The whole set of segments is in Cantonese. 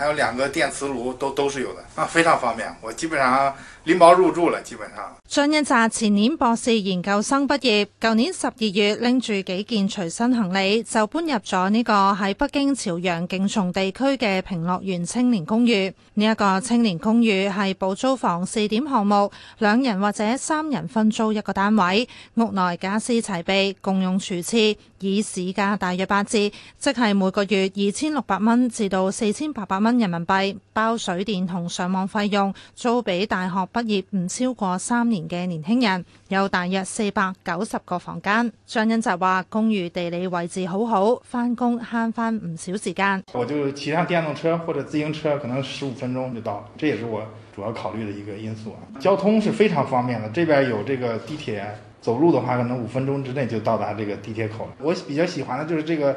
還有兩個電磁爐都都是有的，啊，非常方便。我基本上拎包入住了，基本上張一澤前年博士研究生畢業，舊年十二月拎住幾件隨身行李就搬入咗呢個喺北京朝陽勁松地區嘅平樂園青年公寓。呢、這、一個青年公寓係保租房試點項目，兩人或者三人分租一個單位，屋內家私齊備，共用廚廁，以市價大約八折，即係每個月二千六百蚊至到四千八百蚊。人民幣包水電同上網費用，租俾大學畢業唔超過三年嘅年輕人，有大約四百九十個房間。張恩澤話，公寓地理位置好好，翻工慳翻唔少時間。我就騎上電動車或者自行車，可能十五分鐘就到，這也是我主要考慮的一個因素啊。交通是非常方便的，這邊有這個地鐵，走路的話可能五分鐘之內就到達這個地鐵口。我比較喜歡的就是這個。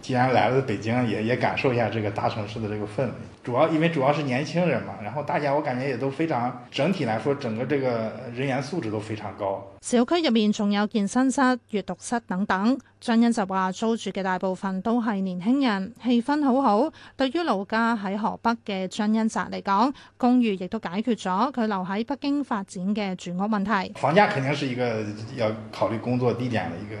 既然來了北京也，也也感受一下這個大城市的這個氛圍。主要因為主要是年輕人嘛，然後大家我感覺也都非常，整體來說整個這個人員素質都非常高。小區入面仲有健身室、閱讀室等等。張欣就話租住嘅大部分都係年輕人，氣氛好好。對於老家喺河北嘅張欣澤嚟講，公寓亦都解決咗佢留喺北京發展嘅住屋問題。房價肯定是一個要考慮工作地點嘅一個。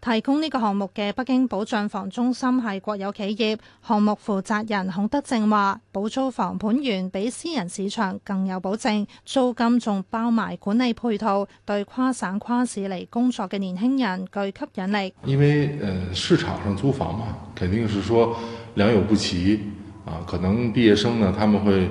提供呢個項目嘅北京保障房中心係國有企業，項目負責人孔德正話，保租房盤源比私人市場更有保證，租金仲包埋管理配套，對跨省跨市嚟工作嘅年輕人具吸引力。因為市場上租房嘛，肯定是說良莠不齊啊，可能畢業生呢，他們會。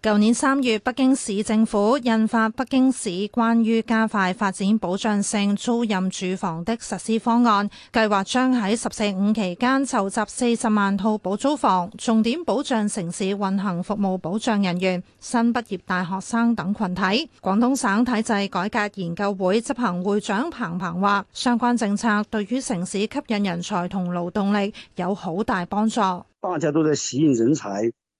舊年三月，北京市政府印發《北京市關於加快發展保障性租賃住房的實施方案》，計劃將喺十四五期間籌集四十萬套保租房，重點保障城市運行服務保障人員、新畢業大學生等群體。廣東省體制改革研究會執行會長彭鵬話，相關政策對於城市吸引人才同勞動力有好大幫助。大家都在吸引人才。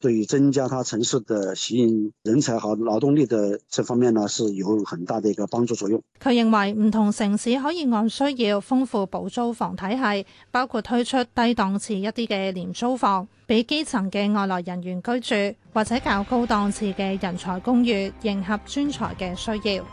對於增加他城市的吸引人才和勞動力的這方面呢，是有很大的一個幫助作用。佢認為唔同城市可以按需要豐富保租房體系，包括推出低檔次一啲嘅廉租房，俾基層嘅外來人員居住，或者較高檔次嘅人才公寓，迎合專才嘅需要。